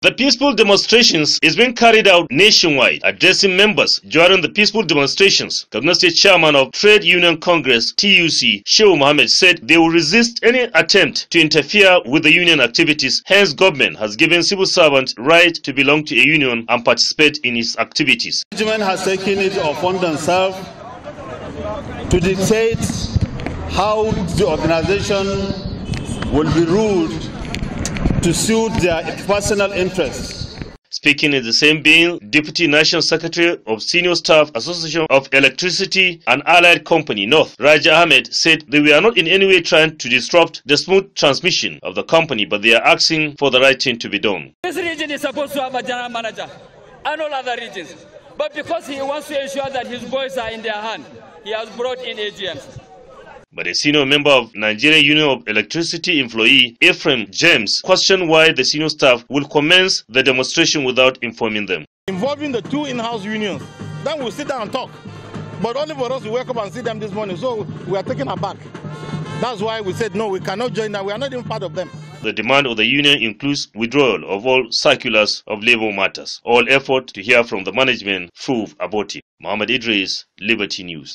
The peaceful demonstrations is being carried out nationwide. Addressing members during the peaceful demonstrations, Kaduna Chairman of Trade Union Congress (TUC) Sheikh Mohammed said they will resist any attempt to interfere with the union activities. Hence, government has given civil servants right to belong to a union and participate in its activities. Management has taken it upon themselves to dictate how the organization will be ruled to suit their personal interests. Speaking in the same vein, Deputy National Secretary of Senior Staff Association of Electricity and Allied Company North, Raja Ahmed, said they were not in any way trying to disrupt the smooth transmission of the company, but they are asking for the right thing to be done. This region is supposed to have a general manager and all other regions, but because he wants to ensure that his boys are in their hand, he has brought in AGMs. But a senior member of Nigerian Union of Electricity employee, Ephraim James, questioned why the senior staff will commence the demonstration without informing them. Involving the two in-house unions, then we'll sit down and talk. But only for us to wake up and see them this morning, so we are taken aback. That's why we said no, we cannot join them. We are not even part of them. The demand of the union includes withdrawal of all circulars of labor matters. All effort to hear from the management prove abortive. Mohamed Idris, Liberty News.